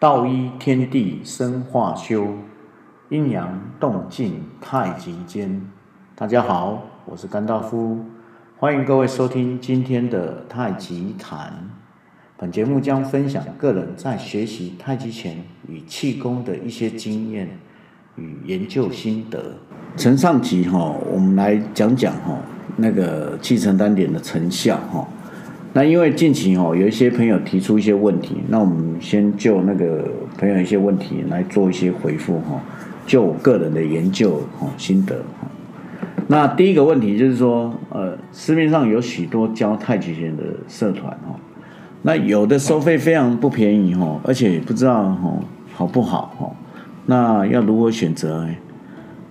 道一天地生化修，陰陽動靜太極間。大家好，我是甘道夫，歡迎各位收聽今天的太極談。本節目將分享個人在學習太極拳與氣功的一些經驗與研究心得。承上集哈，我們來講講哈那個氣沉丹田的成效哈。那因為近期哦，有一些朋友提出一些問題，那我們先就那個朋友一些問題來做一些回復哈。就我個人的研究哈心得哈。那第一個問題就是說，呃，市面上有許多教太極拳的社團哈，那有的收費非常不便宜哈，而且不知道哈好不好哈。那要如何選擇？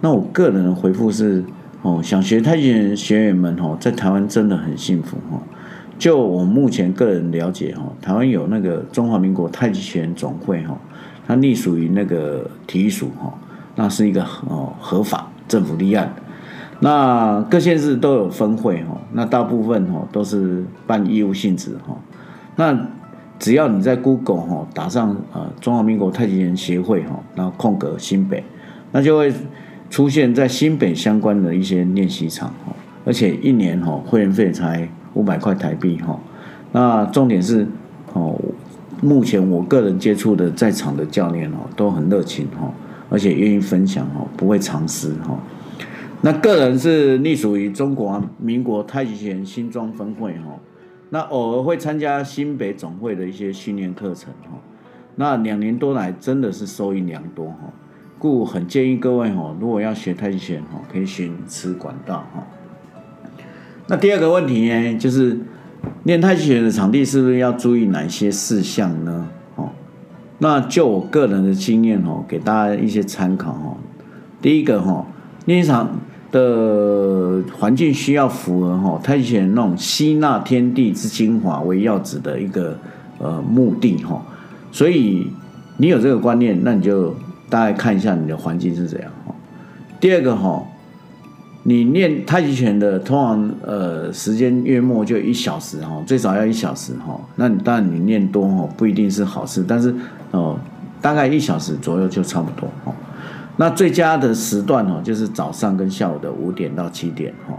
那我個人的回復是，哦，想學太極拳的學員們哦，在台灣真的很幸福哈。就我目前個人了解哈，台灣有那個中華民國太極拳總會哈，它隸屬於那個體育署哈，那是一個哦合法政府立案，那各縣市都有分會哈，那大部分哦都是辦義務性質哈，那只要你在 Google 哈打上呃中華民國太極拳協會哈，然後空格新北，那就會出現在新北相關的一些練習場哈，而且一年哈會員費才。五百塊台幣哈，那重點是哦，目前我個人接觸的在場的教練哦都很熱情哈，而且願意分享哦，不會藏私哈。那個人是隸屬於中華民國太極拳新莊分會哈，那偶爾會參加新北總會的一些訓練課程哈。那兩年多來真的是受益良多哈，故很建議各位哈，如果要學太極拳哈，可以選此管道哈。那第二個問題呢，就是練太極拳的場地是不是要注意哪些事項呢？哦，那就我個人的經驗哦、喔，給大家一些參考哦、喔。第一個哈、喔，練習場的環境需要符合哈、喔、太極拳那種吸納天地之精華為要旨的一個呃目的哈、喔，所以你有這個觀念，那你就大概看一下你的環境是怎樣。第二個哈、喔。你練太極拳的，通常呃時間月末就一小時哈，最少要一小時哈。那你當然你練多哈，不一定是好事，但是哦、呃，大概一小時左右就差不多哈、哦。那最佳的時段哈、哦，就是早上跟下午的五點到七點哈、哦。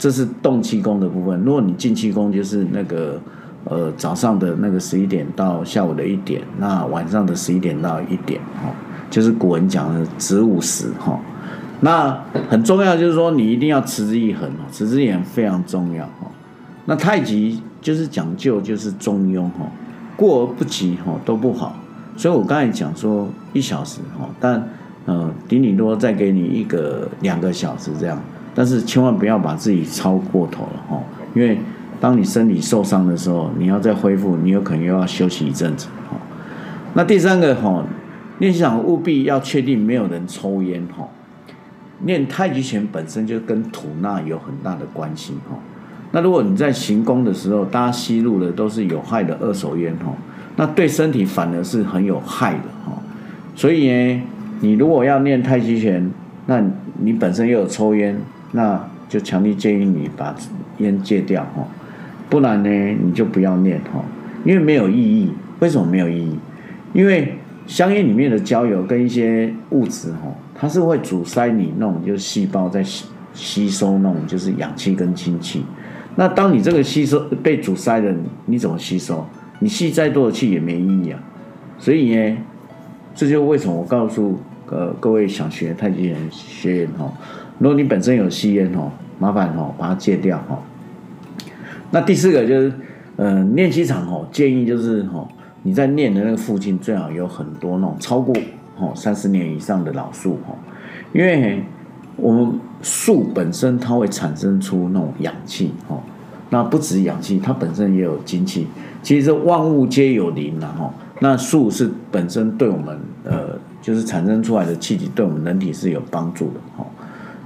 這是動氣功的部分。如果你靜氣功，就是那個呃早上的那個十一點到下午的一點，那晚上的十一點到一點哈、哦，就是古人講的子午時哈。哦那很重要，就是說你一定要持之以恆啊，持之以恆非常重要。那太極就是講究，就是中庸哈，過而不及哈都不好。所以我剛才講說一小時哈，但呃頂頂多再給你一個兩個小時這樣，但是千萬不要把自己超過頭了哈，因為當你身體受傷的時候，你要再恢復，你有可能又要休息一陣子哈。那第三個哈，練習場務必要確定沒有人抽煙哈。練太極拳本身就跟吐納有很大的關係哈。那如果你在行功的時候，大家吸入的都是有害的二手煙哈，那對身體反而是很有害的哈、哦。所以呢，你如果要練太極拳，那你本身又有抽煙，那就強烈建議你把煙戒掉哈、哦，不然呢，你就不要練哈，因為沒有意義。為什麼沒有意義？因為香煙裡面的焦油跟一些物質哈。它是會阻塞你弄，就是細胞在吸吸收弄，就是氧氣跟氫氣。那當你這個吸收被阻塞了，你怎麼吸收？你吸再多的氣也沒意義啊。所以呢，這就是為什麼我告訴呃各位想學太極人學員哈，如果你本身有吸煙哈，麻煩哈把它戒掉哈。那第四個就是呃練習場哈，建議就是哈你在練的那個附近最好有很多那種超過。哦，三十年以上的老樹哦，因為我們樹本身它會產生出那種氧氣哦，那不止氧氣，它本身也有精氣。其實萬物皆有靈吶哦，那樹是本身對我們呃，就是產生出來的氣體對我們人體是有幫助的哦。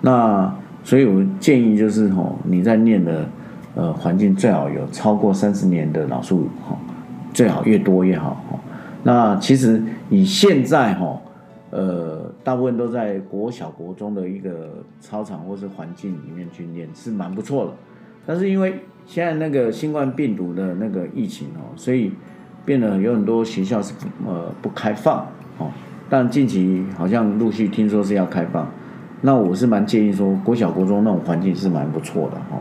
那所以，我建議就是哦，你在念的呃環境最好有超過三十年的老樹哦，最好越多越好哦。那其實以現在哈、哦，呃，大部分都在國小國中的一個操場或是環境裡面去練是蠻不錯的，但是因為現在那個新冠病毒的那個疫情哦，所以變得有很多學校是不呃不開放哦。但近期好像陸續聽說是要開放，那我是蠻建議說國小國中那種環境是蠻不錯的哈、哦。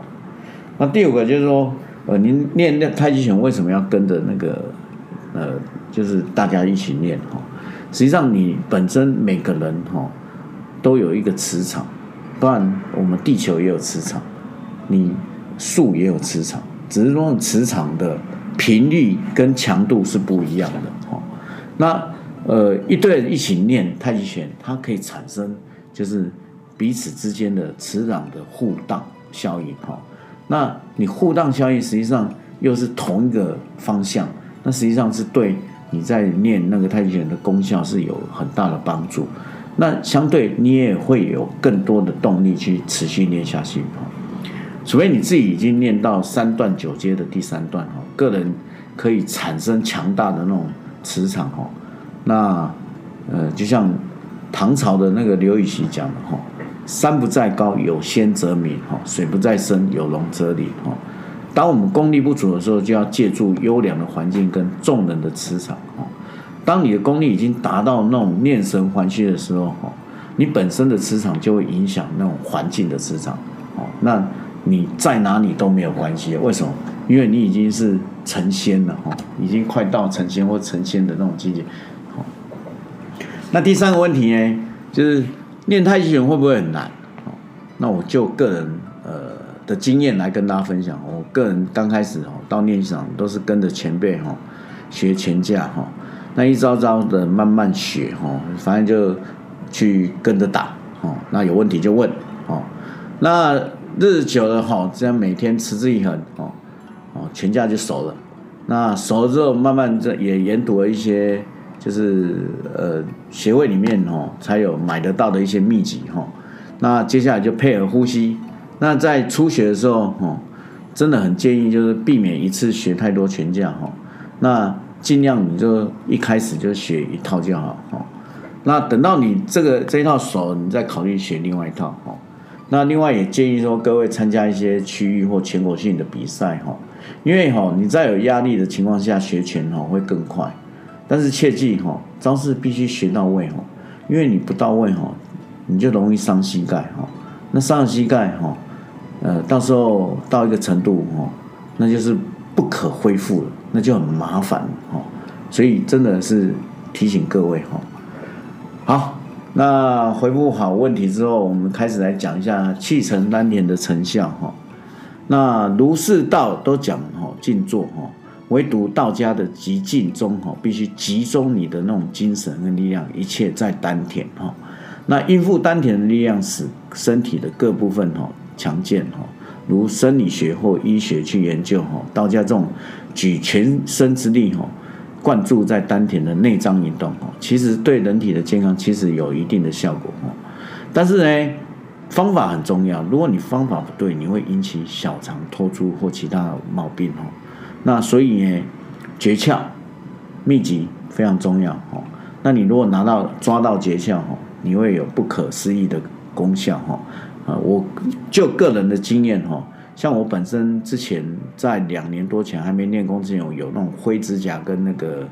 那第五個就是說，呃，您練那太極拳為什麼要跟着那個？呃，就是大家一起練哈、哦。實際上，你本身每個人哈、哦、都有一個磁場，當然我們地球也有磁場，你樹也有磁場，只是說磁場的頻率跟強度是不一樣的哈、哦。那呃，一對一起練太極拳，它可以產生就是彼此之間的磁場的互盪效應哈、哦。那你互盪效應實際上又是同一個方向。那實際上是對你在練那個太極拳的功效是有很大的幫助，那相對你也會有更多的動力去持續練下去哈、哦。除非你自己已經練到三段九階的第三段哈、哦，個人可以產生強大的那種磁場哈、哦。那呃，就像唐朝的那個劉禹錫講的哈，“山不在高，有仙則名；哈，水不在深，有龍則靈。”哈。當我們功力不足的時候，就要借助優良的環境跟眾人的磁場。當你的功力已經達到那種煉神還虛的時候，你本身的磁場就會影響那種環境的磁場。那你在哪裡都沒有關係，為什麼？因為你已經是成仙了，已經快到成仙或成仙的那種境界。那第三個問題呢，就是練太極拳會不會很難？那我就個人呃。的經驗來跟大家分享。我個人剛開始哦，到練習場都是跟着前輩哈學拳架哈，那一招招的慢慢學哈，反正就去跟着打哦，那有問題就問哦。那日久了哈，這樣每天持之以恆哦哦，拳架就熟了。那熟了之後，慢慢也研讀了一些就是呃協會裡面哈才有買得到的一些秘籍哈。那接下來就配合呼吸。那在初學的時候，吼、哦，真的很建議就是避免一次學太多拳架，哈、哦。那盡量你就一開始就學一套就好，哈、哦。那等到你這個這一套熟了，你再考慮學另外一套，哈、哦。那另外也建議說各位參加一些區域或全國性的比賽，哈、哦。因為哈、哦、你在有壓力的情況下學拳，哈會更快。但是切記，哈招式必須學到位，哈、哦。因為你不到位，哈、哦、你就容易傷膝蓋，哈、哦。那傷了膝蓋，哈、哦。呃，到時候到一個程度哦，那就是不可恢復了，那就很麻煩哦。所以真的是提醒各位哈、哦。好，那回復好問題之後，我們開始來講一下氣沉丹田的成效哈、哦。那儒釋道都講哈、哦、靜坐哈、哦，唯獨道家的極靜中哈、哦，必須集中你的那種精神跟力量，一切在丹田哈、哦。那應付丹田的力量，使身體的各部分哈。哦強健哈，如生理學或醫學去研究哈，道家這種舉全身之力哈，灌注在丹田的內臟運動哈，其實對人體的健康其實有一定的效果哈。但是呢，方法很重要，如果你方法不對，你會引起小腸脫出或其他毛病哈。那所以呢，訣竅秘籍非常重要哈。那你如果拿到抓到訣竅哈，你會有不可思議的功效哈。啊，我就個人的經驗哈，像我本身之前在兩年多前還沒練功之前，我有那種灰指甲跟那個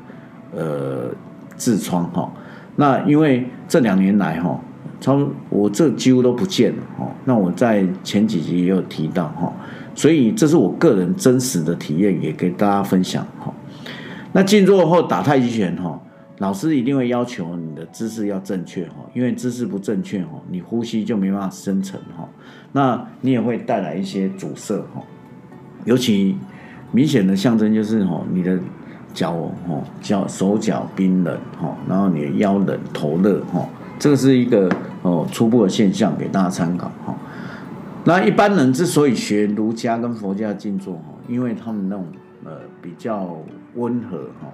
呃痔瘡哈。那因為這兩年來哈，從我這幾乎都不見了哈。那我在前幾集也有提到哈，所以這是我個人真實的體驗，也給大家分享哈。那靜坐後打太極拳哈。老師一定會要求你的姿勢要正確哈，因為姿勢不正確哈，你呼吸就沒辦法深沉哈，那你也會帶來一些阻塞哈。尤其明顯的象徵就是你的腳哈，腳手腳冰冷哈，然後你的腰冷頭熱哈，這個是一個哦初步的現象，給大家參考哈。那一般人之所以學儒家跟佛家的靜坐哈，因為他們那種呃比較溫和哈。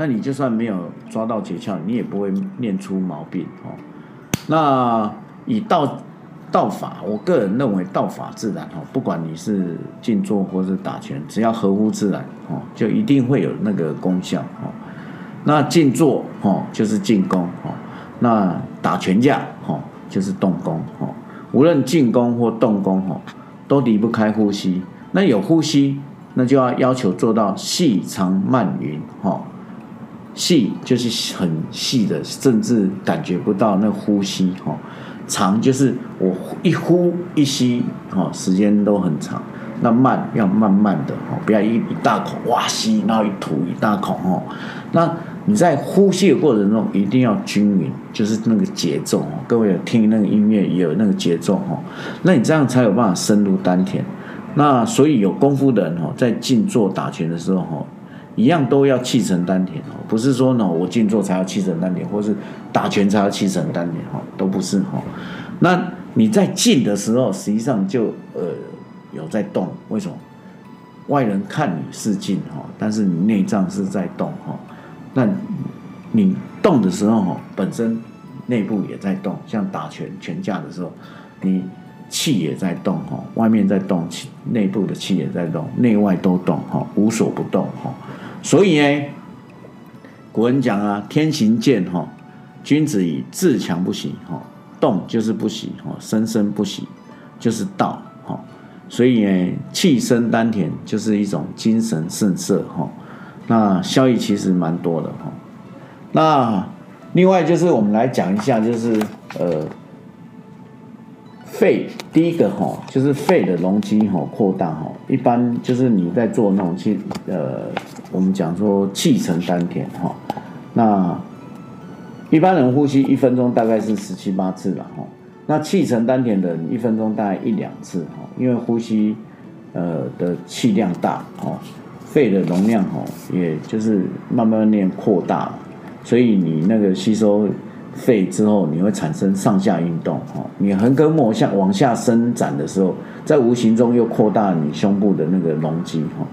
那你就算沒有抓到訣竅，你也不會練出毛病哦。那以道道法，我個人認為道法自然，哦，不管你是靜坐或是打拳，只要合乎自然，哦，就一定會有那個功效，哦，那靜坐，哦，就是靜功，哦，那打拳架，哦，就是動功哦。無論靜功或動功，哦，都離不開呼吸。那有呼吸，那就要要求做到細長慢勻哦。細就是很細的，甚至感覺不到那呼吸哈、哦。長就是我一呼一吸哈、哦，時間都很長。那慢要慢慢的哈、哦，不要一一大口哇吸，然後一吐一大口哈、哦。那你在呼吸的過程中一定要均勻，就是那個節奏哦。各位有聽那個音樂也有那個節奏哦。那你這樣才有辦法深入丹田。那所以有功夫的人哦，在靜坐打拳的時候哦，一樣都要氣沉丹田哦，不是說呢我靜坐才要氣沉丹田，或是打拳才要氣沉丹田哈，都不是哈。那你在靜的時候，實際上就呃有在動，為什麼？外人看你是靜哈，但是你內臟是在動哈。那你動的時候哈，本身內部也在動，像打拳拳架的時候，你氣也在動哈，外面在動氣，內部的氣也在動，內外都動哈，無所不動哈。所以呢，古人講啊，天行健哈，君子以自強不息哈，動就是不息哈，生生不息就是道哈。所以呢，氣沉丹田就是一種精神勝色哈。那效益其實蠻多的哈。那另外就是我們來講一下，就是呃，肺第一個哈，就是肺的容積哈擴大哈，一般就是你在做那種氣呃。我們講說氣沉丹田哈，那一般人呼吸一分鐘大概是十七八次了哈，那氣沉丹田的一分鐘大概一兩次哈，因為呼吸呃的氣量大，肺的容量也就是慢慢練擴大，所以你那個吸收肺之後，你會產生上下運動哈，你橫膈膜向往下伸展的時候，在無形中又擴大你胸部的那個容積哈。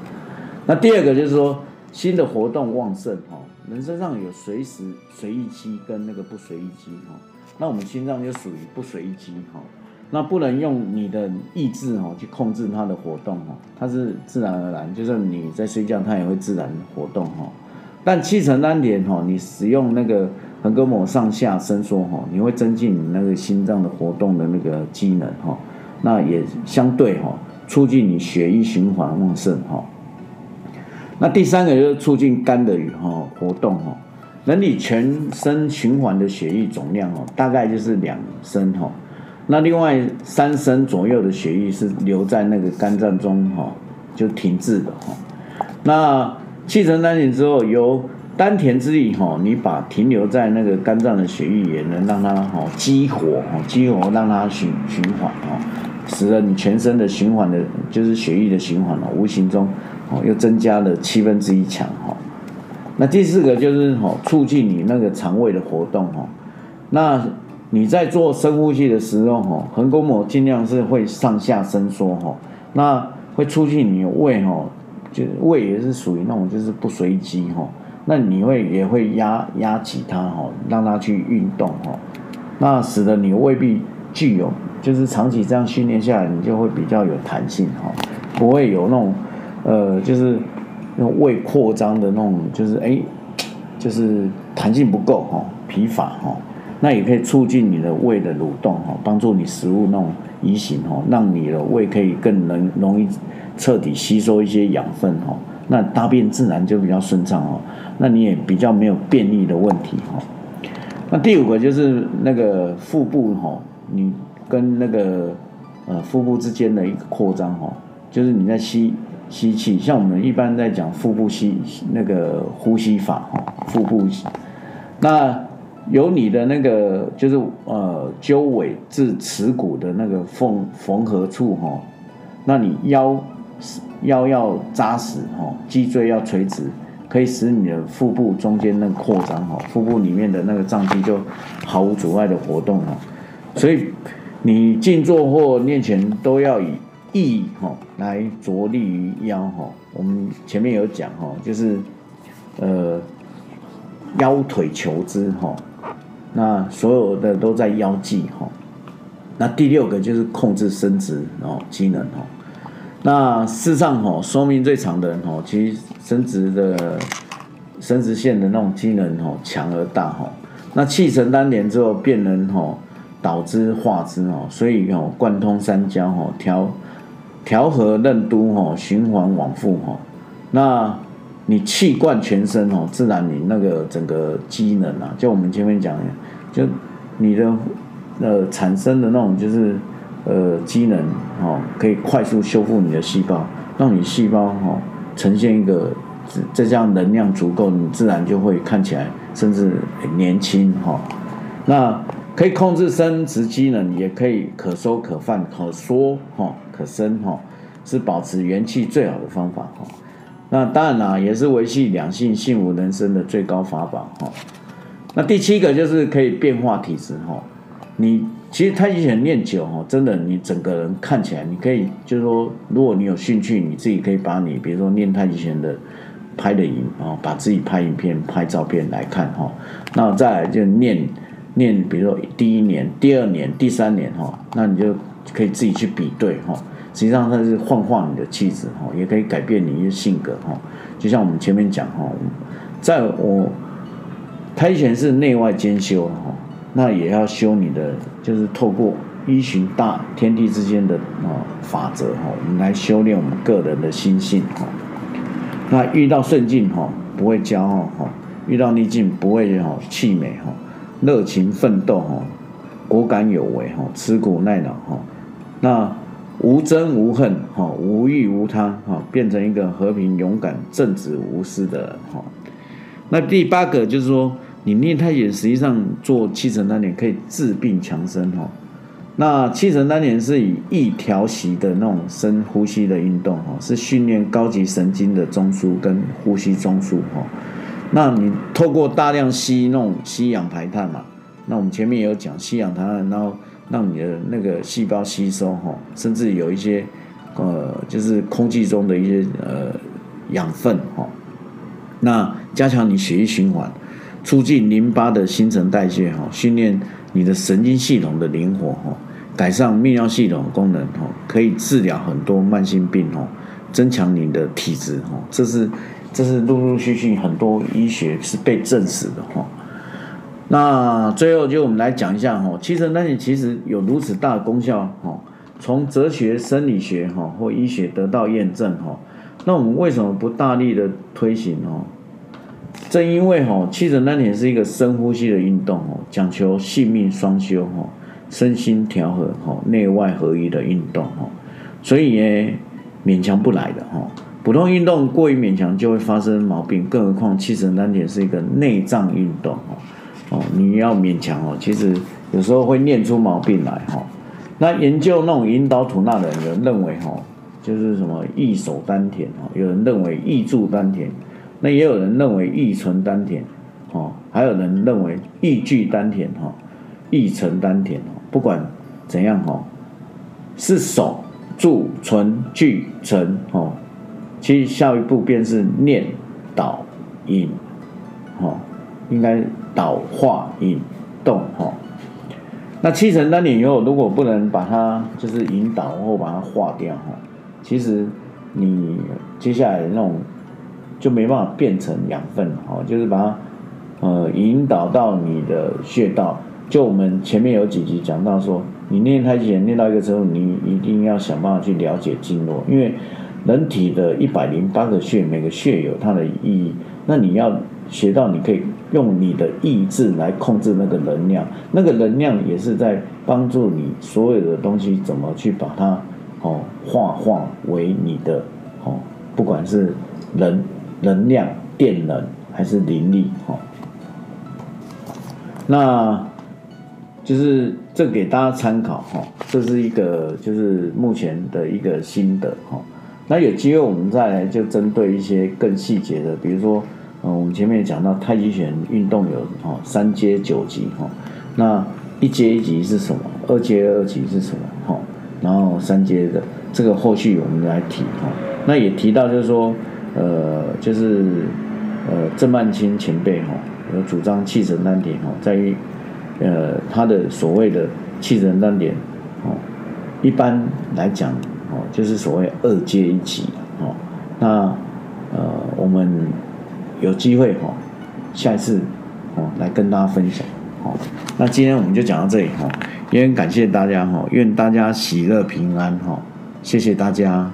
那第二個就是說，心的活動旺盛哈、哦，人身上有隨時隨意肌跟那個不隨意肌哈、哦，那我們心臟就屬於不隨意肌哈、哦，那不能用你的意志哈、哦、去控制它的活動哈、哦，它是自然而然，就是你在睡覺，它也會自然活動哈、哦。但氣沉丹田哈，你使用那個橫膈膜上下伸縮哈、哦，你會增進你那個心臟的活動的那個機能哈、哦，那也相對哈、哦，促進你血液循環旺盛哈、哦。那第三個就是促進肝的與哈活動哈，人體全身循環的血液總量哦，大概就是兩升哈。那另外三升左右的血液是留在那個肝臟中哈，就停滯的哈。那氣沉丹田之後，由丹田之力哈，你把停留在那個肝臟的血液也能讓它哈激活哈，激活讓它循循環啊，使得你全身的循環的，就是血液的循環無形中。哦，又增加了七分之一強哦。那第四個就是哈，促進你那個腸胃的活動哈，那你在做深呼吸的時候哈，橫膈膜盡量是會上下伸縮哈，那會促進你胃哈，就是胃也是屬於那種就是不隨機哈，那你會也會壓壓擠它哈，讓它去運動哈，那使得你未必具有，就是長期這樣訓練下來，你就會比較有彈性哈，不會有那種。呃，就是那胃擴張的那種，就是哎、欸，就是彈性不夠哈、哦，疲乏哈、哦，那也可以促進你的胃的蠕動哈、哦，幫助你食物那種移行哈、哦，讓你的胃可以更能容易徹底吸收一些養分哈、哦，那大便自然就比較順暢哦，那你也比較沒有便秘的問題哈、哦。那第五個就是那個腹部哈、哦，你跟那個呃腹部之間的一個擴張哈。就是你在吸吸氣，像我們一般在講腹部吸那個呼吸法哈，腹部那有你的那個就是呃，鳩尾至恥骨的那個縫縫合處哈、哦，那你腰腰要扎實哈、哦，脊椎要垂直，可以使你的腹部中間那擴張哈，腹部裡面的那個臟器就毫無阻礙的活動哈，所以你靜坐或練拳都要以，意吼來着力於腰吼，我們前面有講吼，就是，呃腰腿求之吼，那所有的都在腰際吼，那第六個就是控制生殖哦機能哦，那世上吼壽命最長的人吼，其實生殖的生殖腺的那種機能吼強而大吼，那氣沉丹田之後便能吼，導致化之哦，所以吼貫通三焦吼調。調和任督哈，循環往復哈，那你氣貫全身哈，自然你那個整個機能啊，就我們前面講的，就你的呃產生的那種就是呃機能哈、喔，可以快速修復你的細胞，讓你細胞哈、呃、呈現一個這這樣能量足夠，你自然就會看起來甚至年輕哈、喔。那可以控制生殖機能，也可以可收可放可縮哈。喔可生哈、哦，是保持元氣最好的方法哈、哦。那當然啦、啊，也是維繫兩性幸福人生的最高法寶哈、哦。那第七個就是可以變化體質哈、哦。你其實太極拳練久哈、哦，真的你整個人看起來，你可以就是說，如果你有興趣，你自己可以把你比如說練太極拳的拍的影啊，把自己拍影片、拍照片來看哈、哦。那我再來就練練，念比如說第一年、第二年、第三年哈、哦，那你就。可以自己去比對哈，實際上它是幻化你的氣質哈，也可以改變你的性格哈。就像我們前面講哈，在我太極拳是內外兼修哈，那也要修你的，就是透過依循大天地之間的哈法則哈，我們來修煉我們個人的心性哈。那遇到順境哈，不會驕傲哈；遇到逆境，不會哈氣餒哈，熱情奮鬥哈，果敢有為哈，吃苦耐勞哈。那無爭無恨哈，無欲無他，哈，變成一個和平、勇敢、正直、無私的人哈。那第八個就是說，你念太極，實際上做氣沉丹田可以治病強身哈。那氣沉丹田是以一條息的那種深呼吸的運動哈，是訓練高級神經的中樞跟呼吸中樞哈。那你透過大量吸那種吸氧排碳嘛？那我們前面也有講吸氧排碳，然後，讓你的那個細胞吸收哈，甚至有一些，呃，就是空氣中的一些呃養分哈、哦，那加強你血液循環，促進淋巴的新陳代謝哈、哦，訓練你的神經系統的靈活哈、哦，改善泌尿系統的功能哈、哦，可以治療很多慢性病哈、哦，增強你的體質哈、哦，這是這是陸陸續續很多醫學是被證實的哈。哦那最後就我們來講一下哈，氣沉丹田其實有如此大的功效哈，從哲學生理學哈或醫學得到驗證哈，那我們為什麼不大力的推行？正因為哈氣沉丹田是一個深呼吸的運動哦，講求性命雙修哈，身心調和哈，內外合一的運動哈，所以呢勉強不來的哈，普通運動過於勉強就會發生毛病，更何況氣沉丹田是一個內臟運動哈。哦，你要勉強哦，其實有時候會念出毛病來哈。那研究那種引導吐納的人，認為哈，就是什麼意守丹田哈，有人認為意住丹田，那也有人認為意存丹田，哦，還有人認為意聚丹田哈，意沉丹田哦，不管怎樣哈，是守、住、存、聚、沉哈，其實下一步便是念導引，哈，應該。導化引動哈，那氣沉丹田以後，如果不能把它就是引導或把它化掉哈，其實你接下來那種就沒辦法變成養分哈，就是把它呃引導到你的穴道。就我們前面有幾集講到說，你練太極拳練到一個時候，你一定要想辦法去了解經絡，因為人體的一百零八個穴，每個穴有它的意義，那你要學到，你可以。用你的意志來控制那個能量，那個能量也是在幫助你所有的東西怎麼去把它哦化化為你的哦，不管是能能量、電能還是靈力哦。那就是這給大家參考，這是一個就是目前的一個心得。那有機會我們再來就針對一些更細節的，比如說。哦，我們前面也講到太極拳運動有哦三階九級哈、哦，那一階一級是什麼？二階二級是什麼？哈、哦，然後三階的這個後續我們來提哈、哦。那也提到就是說，呃，就是呃鄭曼青前輩哈、哦、有主張氣沉丹田哈，在於呃他的所謂的氣沉丹田哦，一般來講哦就是所謂二階一級哦，那呃我們。有機會哈，下一次哦來跟大家分享哈。那今天我們就講到這裡哈，也很感謝大家哈，願大家喜樂平安哈，謝謝大家。